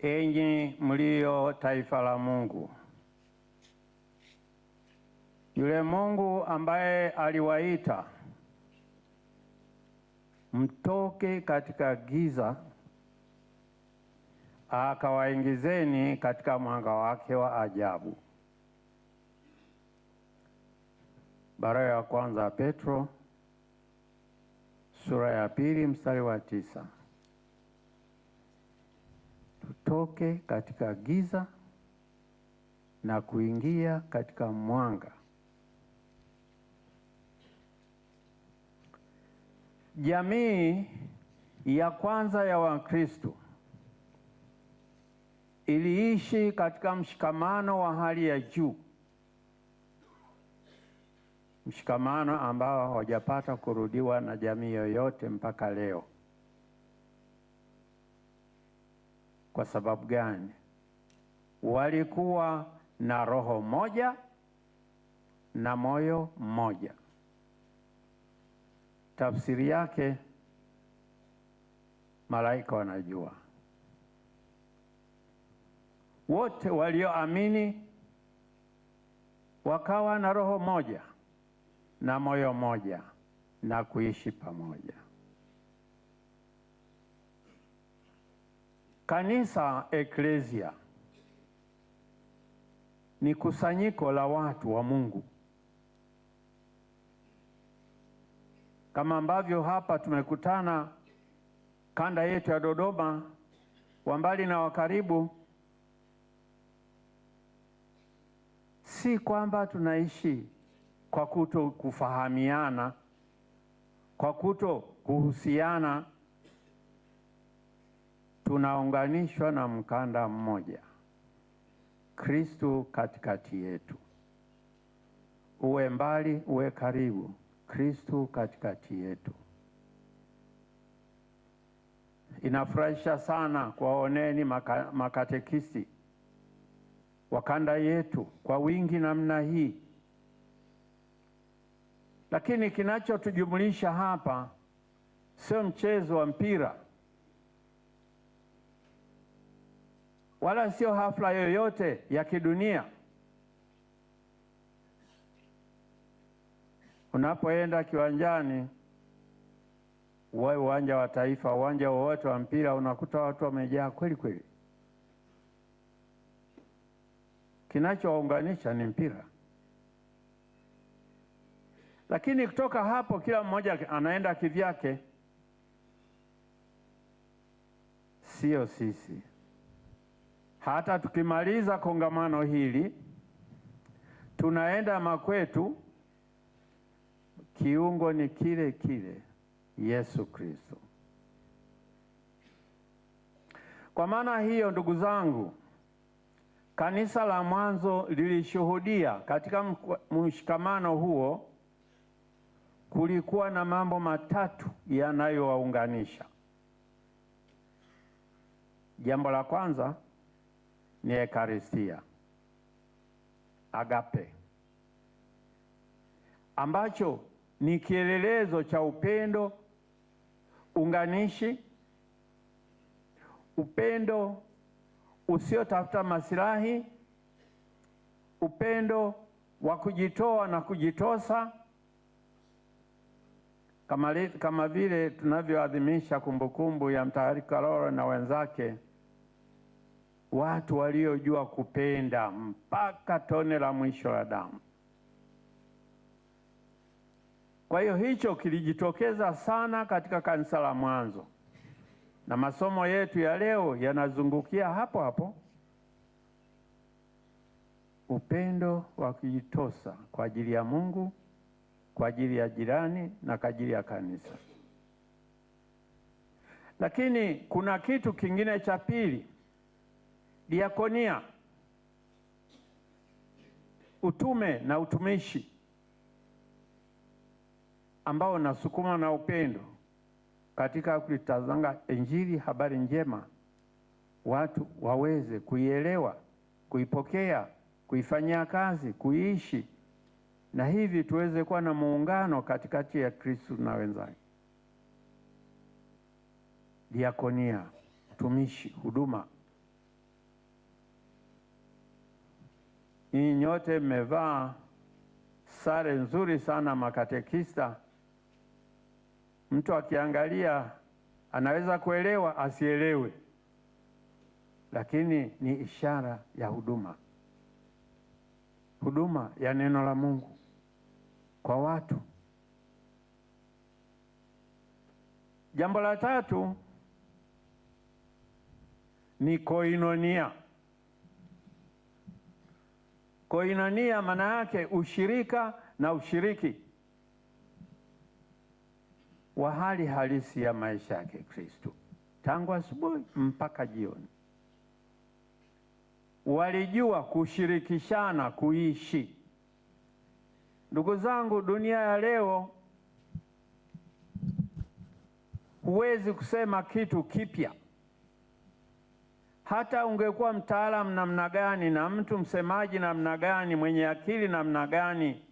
Enyi mlio taifa la Mungu, yule Mungu ambaye aliwaita mtoke katika giza akawaingizeni katika mwanga wake wa ajabu. bara ya kwanza Petro sura ya pili mstari wa tisa tutoke katika giza na kuingia katika mwanga. Jamii ya kwanza ya Wakristo iliishi katika mshikamano wa hali ya juu, mshikamano ambao hawajapata kurudiwa na jamii yoyote mpaka leo. Kwa sababu gani? Walikuwa na roho moja na moyo mmoja. Tafsiri yake malaika wanajua wote walioamini wakawa na roho moja na moyo moja na kuishi pamoja. Kanisa, eklesia, ni kusanyiko la watu wa Mungu, kama ambavyo hapa tumekutana kanda yetu ya Dodoma, wa mbali na wa karibu. Si kwamba tunaishi kwa kuto kufahamiana, kwa kuto kuhusiana tunaunganishwa na mkanda mmoja, Kristu katikati yetu. Uwe mbali uwe karibu, Kristu katikati yetu. Inafurahisha sana kuwaoneni maka, makatekisi wa kanda yetu kwa wingi namna hii, lakini kinachotujumlisha hapa sio mchezo wa mpira wala sio hafla yoyote ya kidunia. Unapoenda kiwanjani, uwe uwanja wa Taifa, uwanja wowote wa mpira, unakuta watu wamejaa kweli kweli. Kinachowaunganisha ni mpira, lakini kutoka hapo kila mmoja anaenda kivyake, sio sisi. Hata tukimaliza kongamano hili tunaenda makwetu, kiungo ni kile kile, Yesu Kristo. Kwa maana hiyo, ndugu zangu, kanisa la mwanzo lilishuhudia katika mshikamano huo, kulikuwa na mambo matatu yanayowaunganisha. Jambo la kwanza ni Ekaristia, agape, ambacho ni kielelezo cha upendo unganishi, upendo usiotafuta masilahi, upendo wa kujitoa na kujitosa kama, kama vile tunavyoadhimisha kumbukumbu ya mtaharika Lolo na wenzake watu waliojua kupenda mpaka tone la mwisho la damu. Kwa hiyo hicho kilijitokeza sana katika kanisa la mwanzo, na masomo yetu ya leo yanazungukia hapo hapo, upendo wa kujitosa kwa ajili ya Mungu, kwa ajili ya jirani na kwa ajili ya kanisa. Lakini kuna kitu kingine cha pili diakonia, utume na utumishi ambao unasukuma na upendo katika kuitazanga Injili, habari njema, watu waweze kuielewa, kuipokea, kuifanyia kazi, kuiishi, na hivi tuweze kuwa na muungano katikati ya Kristo na wenzake. Diakonia, utumishi, huduma Nyinyi nyote mmevaa sare nzuri sana makatekista. Mtu akiangalia anaweza kuelewa, asielewe, lakini ni ishara ya huduma, huduma ya neno la Mungu kwa watu. Jambo la tatu ni koinonia. Koinonia maana yake ushirika na ushiriki wa hali halisi ya maisha yake Kristo tangu asubuhi mpaka jioni. Walijua kushirikishana kuishi. Ndugu zangu, dunia ya leo huwezi kusema kitu kipya hata ungekuwa mtaalamu namna gani na mtu msemaji namna gani mwenye akili namna gani,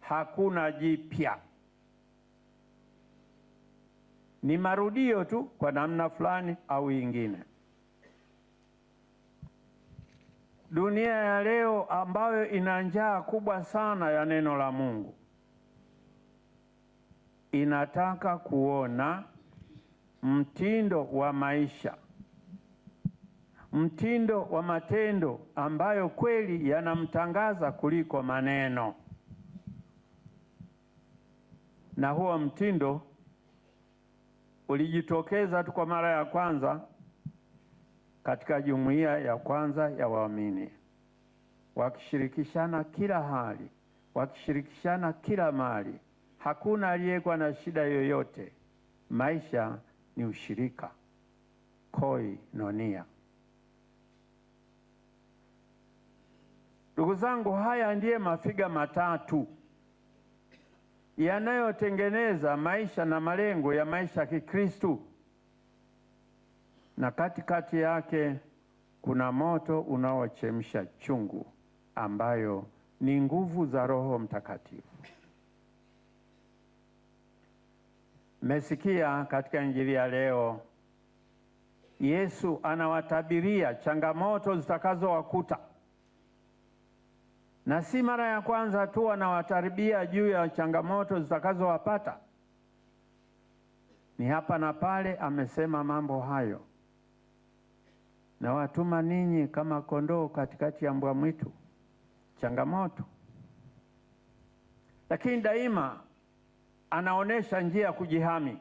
hakuna jipya, ni marudio tu kwa namna fulani au ingine. Dunia ya leo ambayo ina njaa kubwa sana ya neno la Mungu inataka kuona mtindo wa maisha mtindo wa matendo ambayo kweli yanamtangaza kuliko maneno, na huo mtindo ulijitokeza tu kwa mara ya kwanza katika jumuiya ya kwanza ya waamini, wakishirikishana kila hali, wakishirikishana kila mali. Hakuna aliyekuwa na shida yoyote. Maisha ni ushirika, koi nonia. Ndugu zangu, haya ndiye mafiga matatu yanayotengeneza maisha na malengo ya maisha ya Kikristu, na katikati yake kuna moto unaochemsha chungu ambayo ni nguvu za Roho Mtakatifu. Mmesikia katika Injili ya leo Yesu anawatabiria changamoto zitakazowakuta na si mara ya kwanza tu wanawataribia juu ya changamoto zitakazowapata. Ni hapa na pale amesema mambo hayo, nawatuma ninyi kama kondoo katikati ya mbwa mwitu, changamoto, lakini daima anaonyesha njia ya kujihami,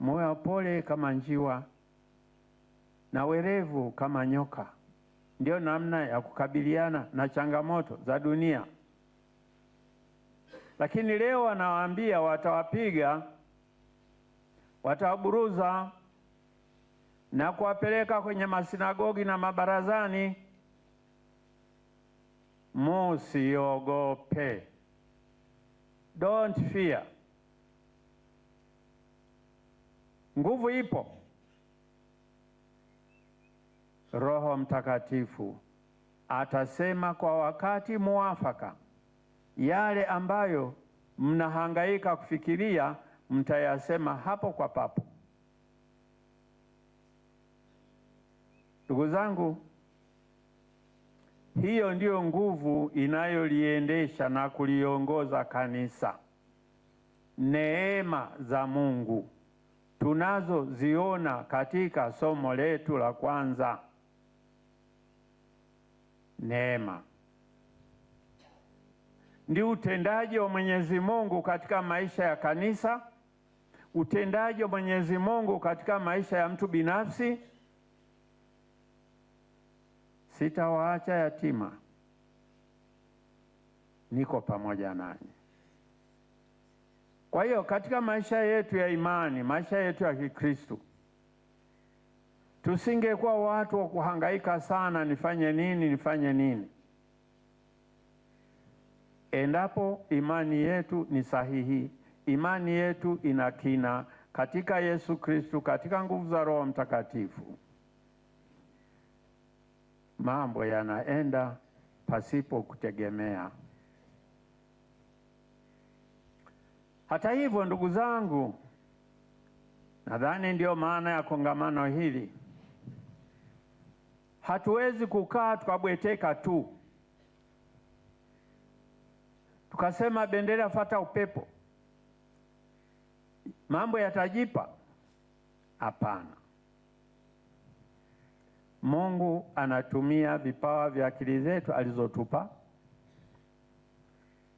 moyo pole kama njiwa na werevu kama nyoka ndio namna ya kukabiliana na changamoto za dunia. Lakini leo wanawaambia watawapiga, watawaburuza na kuwapeleka kwenye masinagogi na mabarazani. Musiogope, don't fear. Nguvu ipo. Roho Mtakatifu atasema kwa wakati muafaka yale ambayo mnahangaika kufikiria mtayasema hapo kwa papo. Ndugu zangu, hiyo ndiyo nguvu inayoliendesha na kuliongoza kanisa. Neema za Mungu tunazoziona katika somo letu la kwanza neema. Ndi utendaji wa Mwenyezi Mungu katika maisha ya kanisa, utendaji wa Mwenyezi Mungu katika maisha ya mtu binafsi. Sitawaacha yatima, niko pamoja nanyi. Kwa hiyo katika maisha yetu ya imani, maisha yetu ya Kikristo tusingekuwa watu wa kuhangaika sana, nifanye nini, nifanye nini, endapo imani yetu ni sahihi, imani yetu ina kina katika Yesu Kristu, katika nguvu za Roho Mtakatifu, mambo yanaenda pasipo kutegemea. Hata hivyo, ndugu zangu, nadhani ndiyo maana ya kongamano hili. Hatuwezi kukaa tukabweteka tu tukasema bendera fata upepo, mambo yatajipa. Hapana, Mungu anatumia vipawa vya akili zetu alizotupa.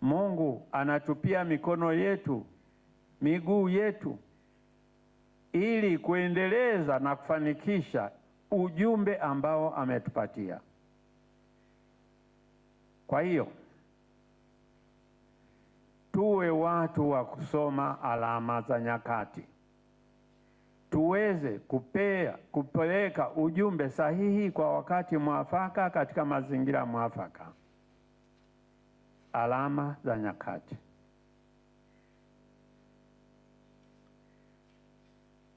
Mungu anatupia mikono yetu, miguu yetu, ili kuendeleza na kufanikisha ujumbe ambao ametupatia. Kwa hiyo tuwe watu wa kusoma alama za nyakati, tuweze kupea kupeleka ujumbe sahihi kwa wakati mwafaka katika mazingira mwafaka. Alama za nyakati.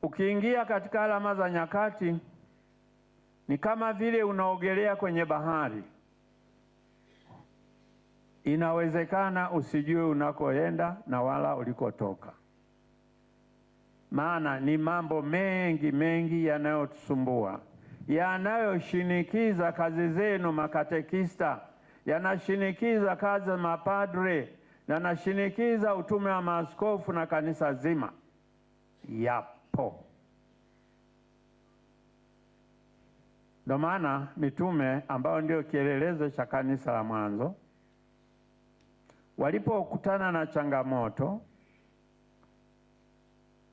Ukiingia katika alama za nyakati ni kama vile unaogelea kwenye bahari, inawezekana usijue unakoenda na wala ulikotoka, maana ni mambo mengi mengi yanayotusumbua, yanayoshinikiza kazi zenu makatekista, yanashinikiza kazi za mapadre, yanashinikiza utume wa maaskofu na kanisa zima, yapo Ndio maana mitume ambao ndio kielelezo cha kanisa la mwanzo walipokutana na changamoto,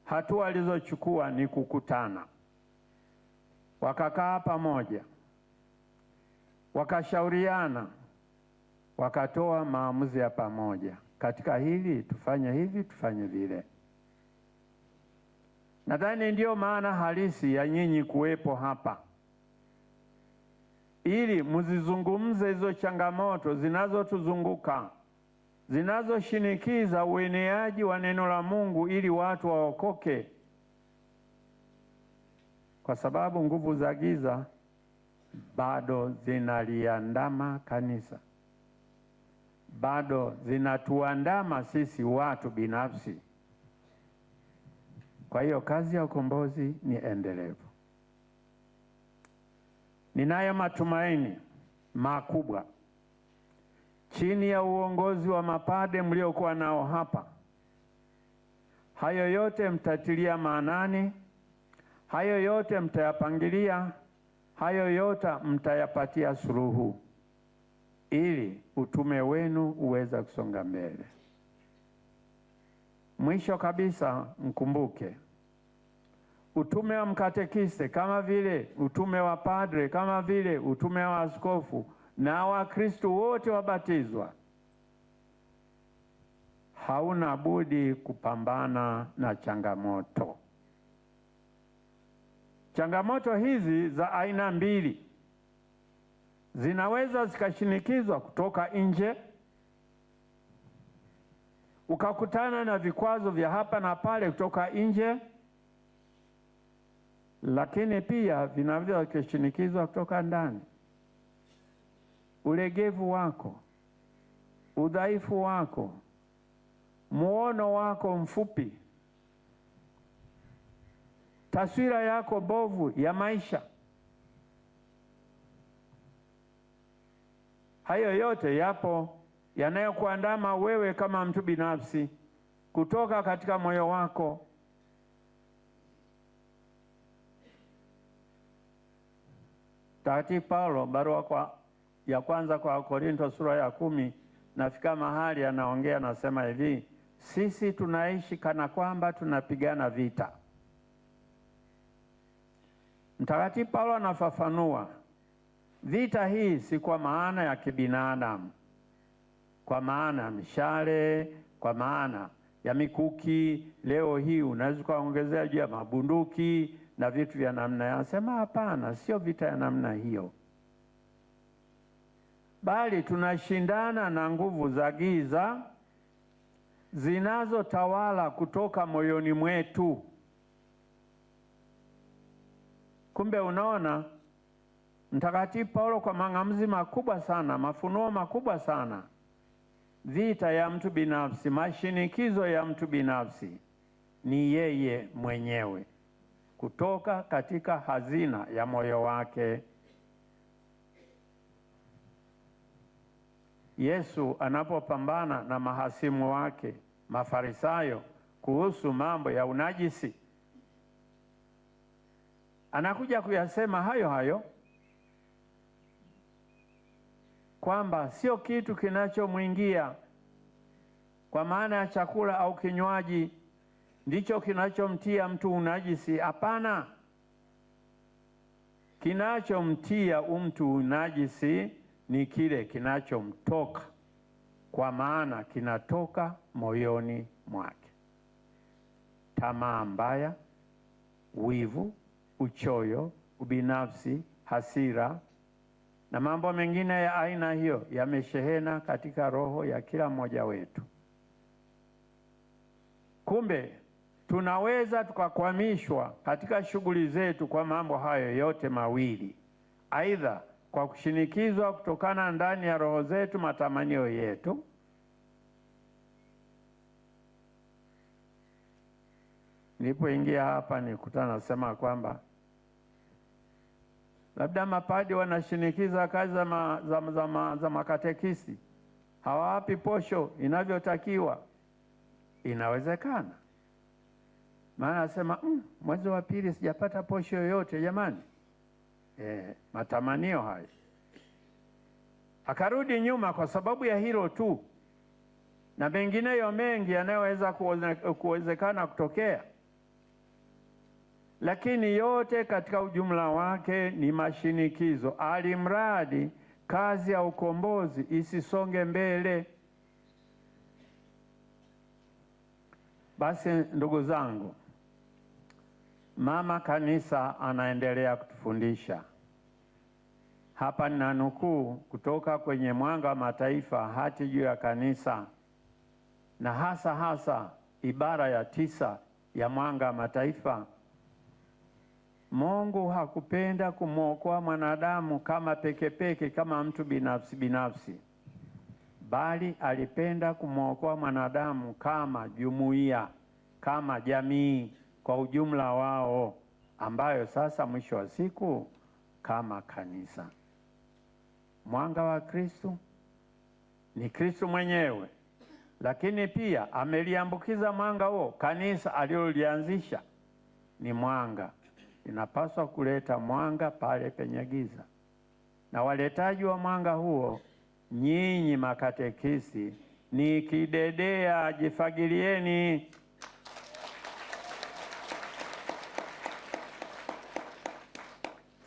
hatua walizochukua ni kukutana, wakakaa pamoja, wakashauriana, wakatoa maamuzi ya pamoja, katika hili tufanye hivi, tufanye vile. Nadhani ndiyo maana halisi ya nyinyi kuwepo hapa ili mzizungumze hizo changamoto zinazotuzunguka zinazoshinikiza ueneaji wa neno la Mungu ili watu waokoke, kwa sababu nguvu za giza bado zinaliandama kanisa, bado zinatuandama sisi watu binafsi. Kwa hiyo kazi ya ukombozi ni endelevu. Ninayo matumaini makubwa chini ya uongozi wa mapade mliokuwa nao hapa, hayo yote mtatilia maanani, hayo yote mtayapangilia, hayo yote mtayapatia suluhu ili utume wenu uweze kusonga mbele. Mwisho kabisa, mkumbuke utume wa mkatekiste kama vile utume wa padre kama vile utume wa askofu na Wakristo wote wabatizwa hauna budi kupambana na changamoto. Changamoto hizi za aina mbili zinaweza zikashinikizwa kutoka nje, ukakutana na vikwazo vya hapa na pale kutoka nje lakini pia vinavyo vikashinikizwa kutoka ndani. Ulegevu wako, udhaifu wako, muono wako mfupi, taswira yako bovu ya maisha, hayo yote yapo yanayokuandama wewe kama mtu binafsi, kutoka katika moyo wako Mtakatifu Paulo barua kwa, ya kwanza kwa korinto sura ya kumi nafika mahali anaongea anasema hivi, sisi tunaishi kana kwamba tunapigana vita. Mtakatifu Paulo anafafanua vita hii si kwa maana ya kibinadamu, kwa maana ya mishale, kwa maana ya mikuki. Leo hii unaweza ukaongezea juu ya mabunduki na vitu vya namna, anasema hapana, sio vita ya namna hiyo, bali tunashindana na nguvu za giza zinazotawala kutoka moyoni mwetu. Kumbe unaona, Mtakatifu Paulo kwa mang'amuzi makubwa sana, mafunuo makubwa sana, vita ya mtu binafsi, mashinikizo ya mtu binafsi ni yeye mwenyewe kutoka katika hazina ya moyo wake. Yesu anapopambana na mahasimu wake Mafarisayo kuhusu mambo ya unajisi, anakuja kuyasema hayo hayo kwamba sio kitu kinachomwingia kwa maana ya chakula au kinywaji ndicho kinachomtia mtu unajisi? Hapana, kinachomtia mtu unajisi ni kile kinachomtoka, kwa maana kinatoka moyoni mwake: tamaa mbaya, wivu, uchoyo, ubinafsi, hasira na mambo mengine ya aina hiyo yameshehena katika roho ya kila mmoja wetu. Kumbe tunaweza tukakwamishwa katika shughuli zetu kwa mambo hayo yote mawili, aidha kwa kushinikizwa kutokana ndani ya roho zetu matamanio yetu Nilipoingia hapa nikutana nasema kwamba labda mapadi wanashinikiza kazi za, ma, za, za, za, za makatekisi, hawawapi posho inavyotakiwa. Inawezekana maana anasema mm, mwezi wa pili sijapata posho yoyote jamani. E, matamanio hayo. Akarudi nyuma kwa sababu ya hilo tu, na mengineyo mengi yanayoweza kuwezekana kutokea, lakini yote katika ujumla wake ni mashinikizo, alimradi kazi ya ukombozi isisonge mbele. Basi ndugu zangu, Mama Kanisa anaendelea kutufundisha hapa, nina nukuu kutoka kwenye Mwanga wa Mataifa, hati juu ya kanisa, na hasa hasa ibara ya tisa ya Mwanga wa Mataifa: Mungu hakupenda kumwokoa mwanadamu kama pekepeke, kama mtu binafsi binafsi, bali alipenda kumwokoa mwanadamu kama jumuiya, kama jamii kwa ujumla wao, ambayo sasa mwisho wa siku kama kanisa, mwanga wa Kristo ni Kristo mwenyewe, lakini pia ameliambukiza mwanga huo kanisa alilolianzisha. Ni mwanga, linapaswa kuleta mwanga pale penye giza, na waletaji wa mwanga huo nyinyi makatekisi ni kidedea, jifagilieni.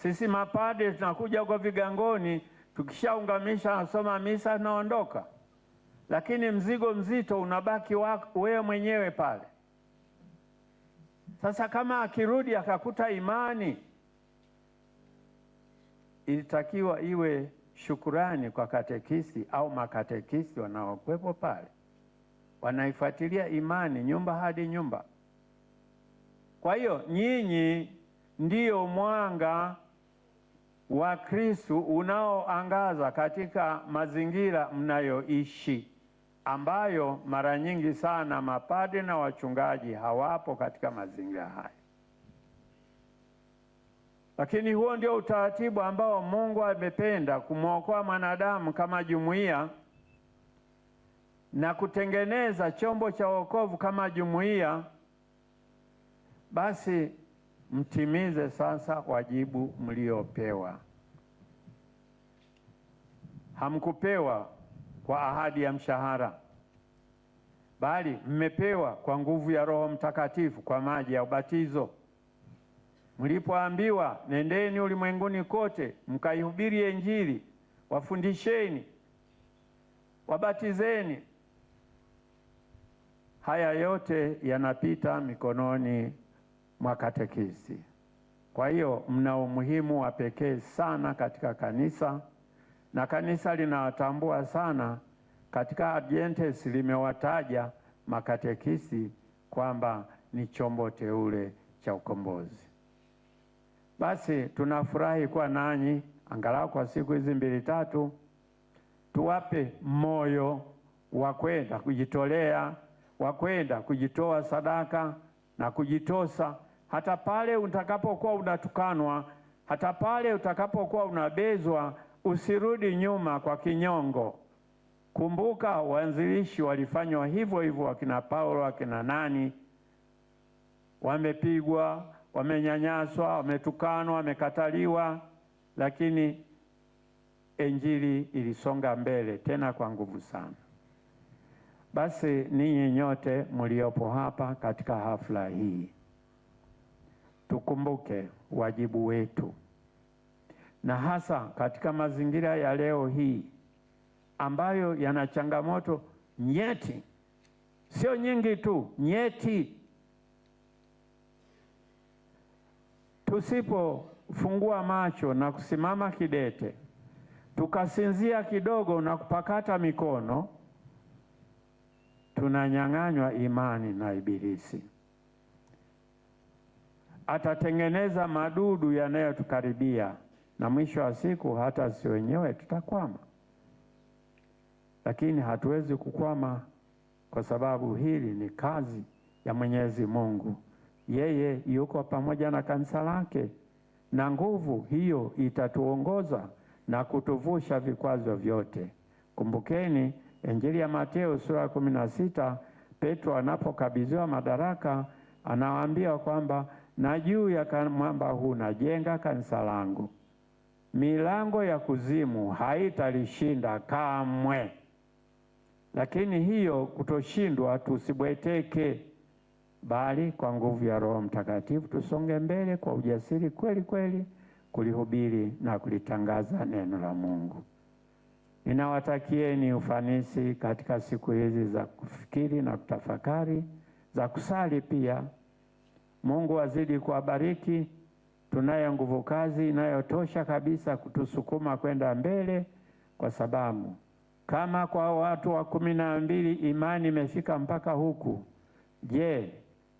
Sisi mapade tunakuja huko vigangoni, tukishaungamisha nasoma misa naondoka lakini mzigo mzito unabaki wewe mwenyewe pale. Sasa kama akirudi akakuta imani, ilitakiwa iwe shukurani kwa katekisi au makatekisi wanaokwepo pale, wanaifuatilia imani nyumba hadi nyumba. Kwa hiyo nyinyi ndiyo mwanga wa Kristo unaoangaza katika mazingira mnayoishi ambayo mara nyingi sana mapade na wachungaji hawapo katika mazingira haya Lakini huo ndio utaratibu ambao Mungu amependa kumwokoa mwanadamu kama jumuiya na kutengeneza chombo cha wokovu kama jumuiya. Basi mtimize sasa wajibu mliopewa. Hamkupewa kwa ahadi ya mshahara, bali mmepewa kwa nguvu ya Roho Mtakatifu kwa maji ya ubatizo. Mlipoambiwa, nendeni ulimwenguni kote mkaihubiri Injili, wafundisheni, wabatizeni, haya yote yanapita mikononi makatekisi. Kwa hiyo mna umuhimu wa pekee sana katika kanisa, na kanisa linawatambua sana. Katika Adventist limewataja makatekisi kwamba ni chombo teule cha ukombozi. Basi tunafurahi kuwa nanyi angalau kwa siku hizi mbili tatu, tuwape moyo wa kwenda kujitolea, wa kwenda kujitoa sadaka na kujitosa hata pale utakapokuwa unatukanwa, hata pale utakapokuwa unabezwa, usirudi nyuma kwa kinyongo. Kumbuka waanzilishi walifanywa hivyo hivyo, akina Paulo, akina nani, wamepigwa, wamenyanyaswa, wametukanwa, wamekataliwa, lakini Injili ilisonga mbele tena kwa nguvu sana. Basi ninyi nyote mliopo hapa katika hafla hii tukumbuke wajibu wetu, na hasa katika mazingira ya leo hii ambayo yana changamoto nyeti, sio nyingi tu, nyeti. Tusipofungua macho na kusimama kidete, tukasinzia kidogo na kupakata mikono, tunanyang'anywa imani na Ibilisi atatengeneza madudu yanayotukaribia na mwisho wa siku hata si wenyewe tutakwama. Lakini hatuwezi kukwama kwa sababu hili ni kazi ya Mwenyezi Mungu. Yeye yuko pamoja na kanisa lake, na nguvu hiyo itatuongoza na kutuvusha vikwazo vyote. Kumbukeni Injili ya Mateo sura ya kumi na sita, Petro anapokabidhiwa madaraka anawaambia kwamba na juu ya mwamba huu najenga kanisa langu, milango ya kuzimu haitalishinda kamwe. Lakini hiyo kutoshindwa, tusibweteke, bali kwa nguvu ya Roho Mtakatifu tusonge mbele kwa ujasiri kweli kweli, kulihubiri na kulitangaza neno la Mungu. Ninawatakieni ufanisi katika siku hizi za kufikiri na kutafakari, za kusali pia. Mungu azidi kuwabariki. Tunayo nguvu kazi inayotosha kabisa kutusukuma kwenda mbele, kwa sababu kama kwa watu wa kumi na mbili imani imefika mpaka huku, je,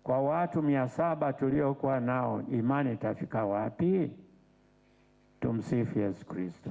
kwa watu mia saba tuliokuwa nao imani itafika wapi? Tumsifu Yesu Kristo.